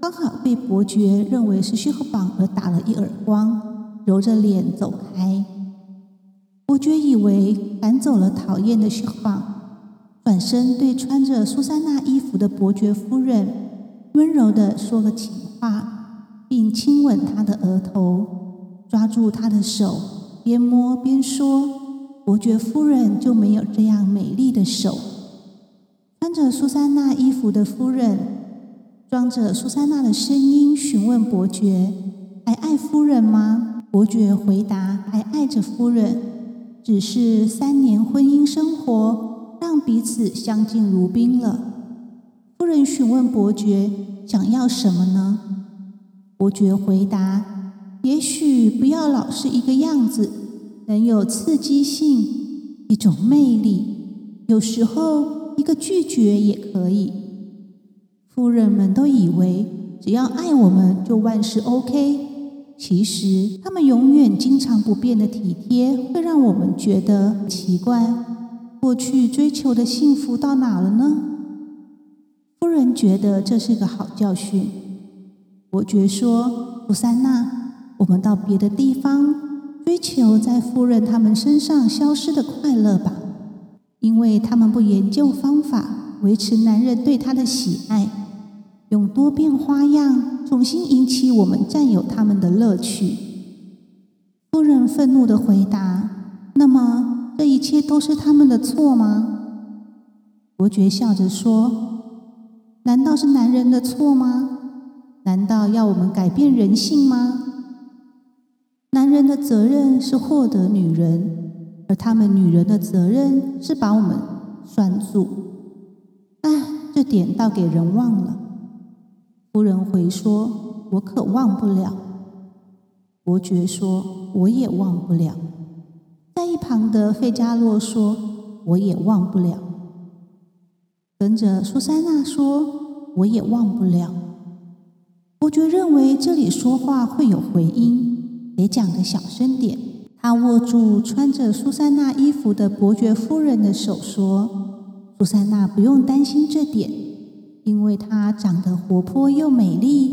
Speaker 1: 剛好被伯爵認為是修堡而打了一耳光，揉着臉走開。伯爵以為趕走了討厭的雪紡，轉身對穿着蘇珊娜衣服的伯爵夫人溫柔地說個情話，並親吻她的額頭，抓住她的手，邊摸邊說：“伯爵夫人就沒有這樣美麗的手。”穿着蘇珊娜衣服的夫人裝着蘇珊娜的聲音詢問伯爵：“還愛夫人嗎？”伯爵回答：“還愛着夫人。”只是三年婚姻生活讓彼此相敬如賓了。夫人詢問伯爵想要什麼呢？伯爵回答：“也許不要老是一個樣子，能有刺激性，一種魅力，有時候一個拒絕也可以。”夫人們都以為只要愛我們就萬事 OK。其實，他們永遠、經常不變的體貼，會讓我們覺得奇怪。過去追求的幸福到哪了呢？夫人覺得這是個好教訓。伯爵說：“蘇珊娜，我們到別的地方追求，在夫人他們身上消失的快樂吧，因為他們不研究方法維持男人對她的喜愛，用多變花樣。”重新引起我們佔有他們的樂趣。夫人憤怒的回答：“那麼這一切都是他們的錯嗎？”伯爵笑着說：“難道是男人的錯嗎？難道要我們改變人性嗎？男人的責任是獲得女人，而他們女人的責任是把我們拴住。哎，這點倒給人忘了。”夫人回說：“我可忘不了。”伯爵說：“我也忘不了。”在一旁的費加洛說：“我也忘不了。”跟着蘇珊娜說：“我也忘不了。”伯爵認為這裡說話會有回音，得講個小聲點。他握住穿着蘇珊娜衣服的伯爵夫人的手說：“蘇珊娜，不用擔心這點。”因為她長得活潑又美麗，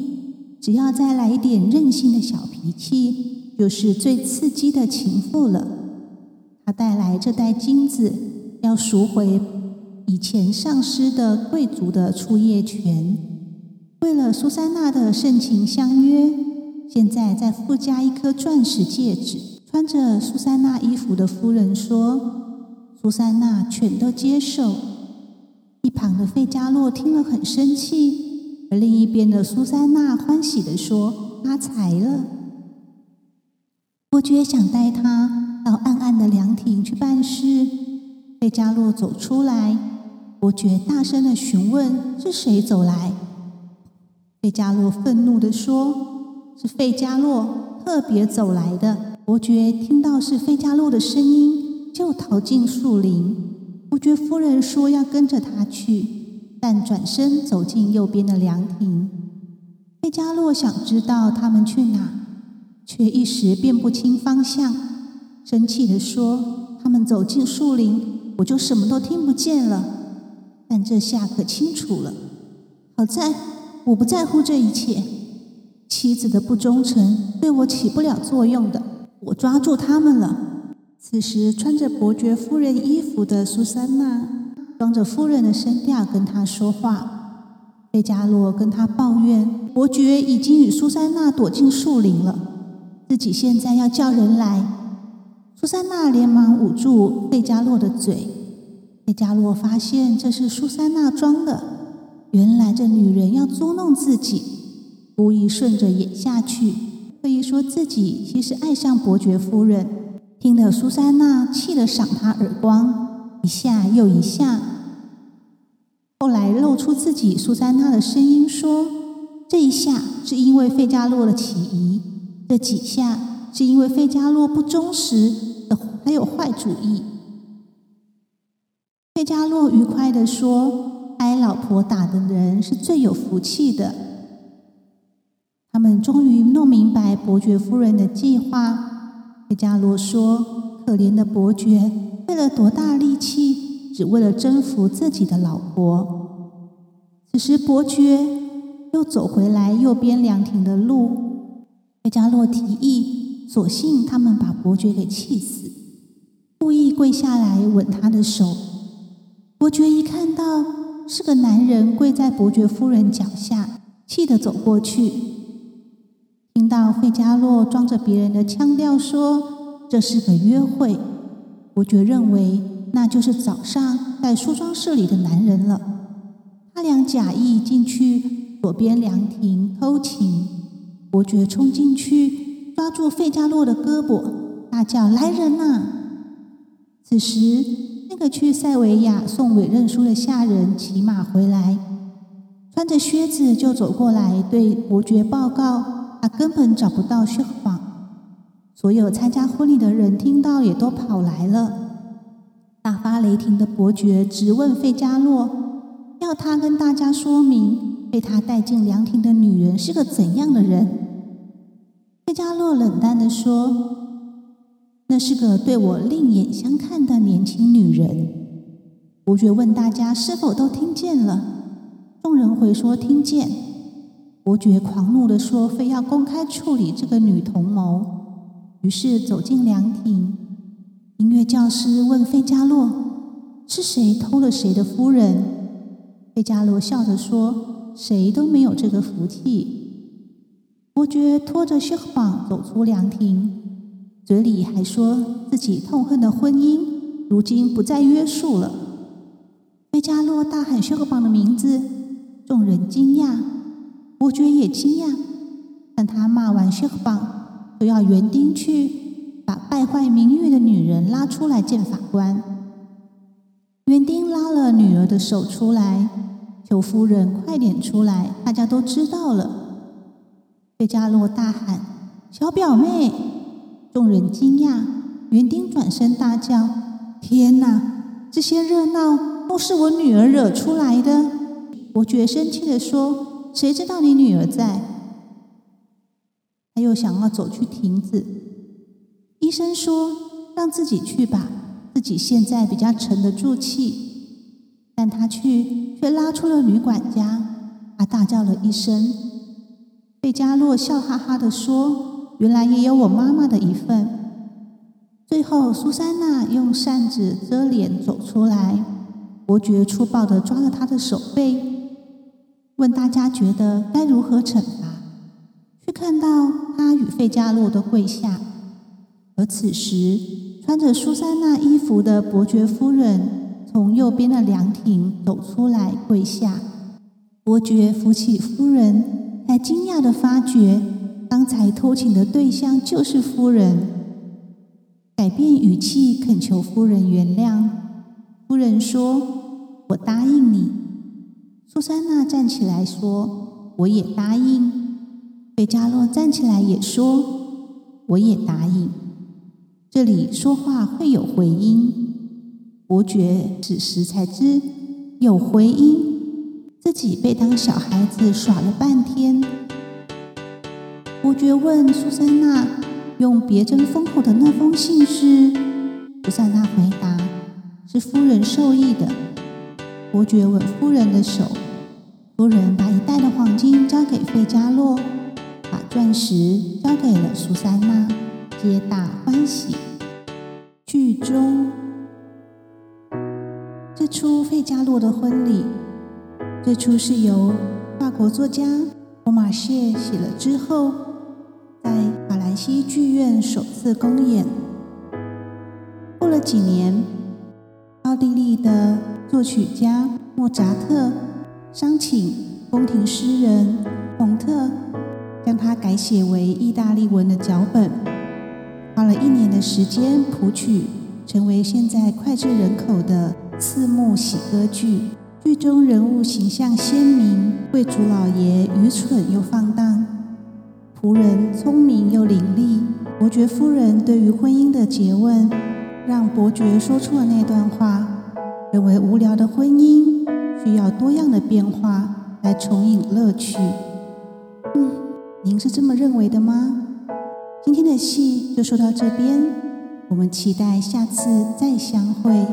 Speaker 1: 只要再來一點任性的小脾氣，就是最刺激的情婦了。她帶來這袋金子，要贖回以前喪失的貴族的初夜權。為了蘇珊娜的盛情相約，現在再附加一顆鑽石戒指。穿着蘇珊娜衣服的夫人說：“蘇珊娜全都接受。”一旁的費加洛聽了很生氣，而另一邊的蘇珊娜歡喜地說：“發財了！”伯爵想帶她到暗暗的涼亭去辦事。費加洛走出來，伯爵大聲地詢問：“是誰走來？”費加洛憤怒地說：“是費加洛特別走來的。”伯爵聽到是費加洛的聲音，就逃進樹林。伯爵夫人說要跟着他去，但轉身走進右邊的涼亭。貝加洛想知道他們去哪，卻一時辨不清方向，生氣地說：“他們走進樹林，我就什麼都聽不見了。”但這下可清楚了。好在我不在乎這一切。妻子的不忠誠對我起不了作用的，我抓住他們了。此時，穿着伯爵夫人衣服的蘇珊娜，裝着夫人的聲調跟他說話。費加洛跟他抱怨，伯爵已經與蘇珊娜躲進樹林了，自己現在要叫人來。蘇珊娜連忙捂住費加洛的嘴。費加洛發現這是蘇珊娜裝的，原來這女人要捉弄自己，故意順着演下去，故意說自己其實愛上伯爵夫人。聽得蘇珊娜氣得賞他耳光，一下又一下，後來露出自己蘇珊娜的聲音說：“這一下是因為費加洛的起疑，這幾下是因為費加洛不忠實的還有壞主意。”費加洛愉快地說：“挨老婆打的人是最有福氣的。”他們終於弄明白伯爵夫人的計劃。費加洛說：“可憐的伯爵費了多大力氣，只為了征服自己的老婆。”此時，伯爵又走回來右邊涼亭的路。費加洛提議：“索性他們把伯爵給氣死，故意跪下來吻他的手。”伯爵一看到是個男人跪在伯爵夫人腳下，氣得走過去。聽到費加洛裝着別人的腔調說：“這是個約會。”伯爵認為那就是早上在梳妝室裡的男人了。他倆假意進去左邊涼亭偷情，伯爵衝進去抓住費加洛的胳膊，大叫：“來人吶！”此時，那個去塞維亞送委任書的下人騎馬回來，穿着靴子就走過來，對伯爵報告。他根本找不到虛謊。所有參加婚禮的人聽到也都跑來了。大發雷霆的伯爵直問費加洛，要他跟大家說明被他帶進涼亭的女人是個怎樣的人。費加洛冷淡地說：“那是個對我另眼相看的年輕女人。”伯爵問大家是否都聽見了，眾人回說聽見。伯爵狂怒地說：“非要公開處理這個女同謀。”於是走進涼亭。音樂教師問費加洛：“是誰偷了誰的夫人？”費加洛笑着說：“誰都沒有這個福氣。”伯爵拖着薛克榜走出涼亭，嘴裡還說自己痛恨的婚姻如今不再約束了。費加洛大喊薛克榜的名字，眾人驚訝。伯爵也驚訝，但他罵完薛克邦，就要園丁去把敗壞名譽的女人拉出來見法官。園丁拉了女兒的手出來，求夫人快點出來，大家都知道了。費加洛大喊：“小表妹！”眾人驚訝，園丁轉身大叫：“天哪！這些熱鬧都是我女兒惹出來的！”伯爵生氣地說。誰知道你女兒在？他又想要走去亭子。醫生說讓自己去吧，自己現在比較沉得住氣。但他去卻拉出了女管家，他大叫了一聲。費加洛笑哈哈地說：“原來也有我媽媽的一份。”最後，蘇珊娜用扇子遮臉走出來。伯爵粗暴地抓了她的手背。問大家覺得該如何懲罰，卻看到他與費加洛都跪下，而此時穿着蘇珊娜衣服的伯爵夫人從右邊的涼亭走出來跪下，伯爵扶起夫人，才驚訝的發覺剛才偷情的對象就是夫人，改變語氣懇求夫人原諒，夫人說：“我答應你。”蘇珊娜站起來說：“我也答應。”費加洛站起來也說：“我也答應。”這裡說話會有回音。伯爵此時才知有回音，自己被當小孩子耍了半天。伯爵問蘇珊娜：“用別針封口的那封信是？”蘇珊娜回答：“是夫人授意的。”伯爵吻夫人的手，夫人把一袋的黃金交給費加洛，把鑽石交給了蘇珊娜，皆大歡喜。劇終。這出費加洛的婚禮最初是由法國作家博瑪謝寫了之後，在法蘭西劇院首次公演。過了幾年，奧地利的。作曲家莫扎特商請宮廷詩人彭特將它改寫為意大利文的腳本，花了一年的時間譜曲，成為現在膾炙人口的四幕喜歌劇。劇中人物形象鮮明，貴族老爺愚蠢又放蕩，僕人聰明又伶俐，伯爵夫人對於婚姻的詰問讓伯爵說出了那段話。認為無聊的婚姻需要多樣的變化來重引樂趣。嗯，您是這麼認為的嗎？今天的戲就說到這邊，我們期待下次再相會。